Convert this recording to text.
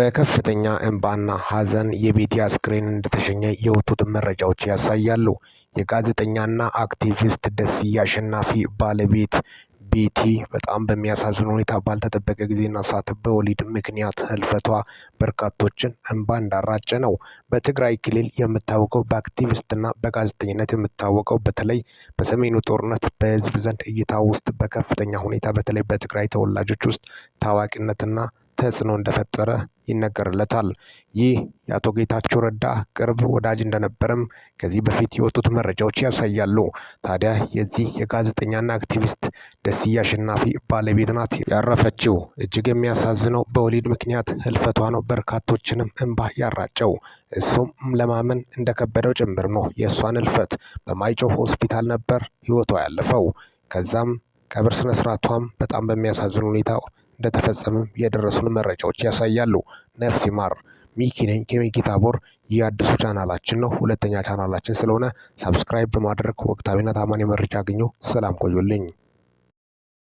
በከፍተኛ እንባና ሐዘን የቤቲ አስክሬን እንደተሸኘ የወጡት መረጃዎች ያሳያሉ። የጋዜጠኛና አክቲቪስት ደስያ አሸናፊ ባለቤት ቤቲ በጣም በሚያሳዝን ሁኔታ ባልተጠበቀ ጊዜና ሰዓት በወሊድ ምክንያት ህልፈቷ በርካቶችን እንባ እንዳራጨ ነው። በትግራይ ክልል የምታወቀው በአክቲቪስትና በጋዜጠኝነት የምታወቀው በተለይ በሰሜኑ ጦርነት በህዝብ ዘንድ እይታ ውስጥ በከፍተኛ ሁኔታ በተለይ በትግራይ ተወላጆች ውስጥ ታዋቂነትና ተጽዕኖ እንደፈጠረ ይነገርለታል። ይህ የአቶ ጌታቸው ረዳ ቅርብ ወዳጅ እንደነበረም ከዚህ በፊት የወጡት መረጃዎች ያሳያሉ። ታዲያ የዚህ የጋዜጠኛና አክቲቪስት ደስያ አሸናፊ ባለቤት ናት ያረፈችው። እጅግ የሚያሳዝነው በወሊድ ምክንያት ህልፈቷ ነው በርካቶችንም እንባ ያራጨው። እሱም ለማመን እንደከበደው ጭምር ነው። የእሷን ህልፈት በማይጨው ሆስፒታል ነበር ህይወቷ ያለፈው። ከዛም ቀብር ስነስርዓቷም በጣም በሚያሳዝን ሁኔታ እንደተፈጸመም የደረሱን መረጃዎች ያሳያሉ። ነፍስ ይማር። ሚኪ ነኝ ከሚኪታ ይህ አዲሱ ቻናላችን ነው፣ ሁለተኛ ቻናላችን ስለሆነ ሳብስክራይብ በማድረግ ወቅታዊና ታማኝ መረጃ አግኙ። ሰላም ቆዩልኝ።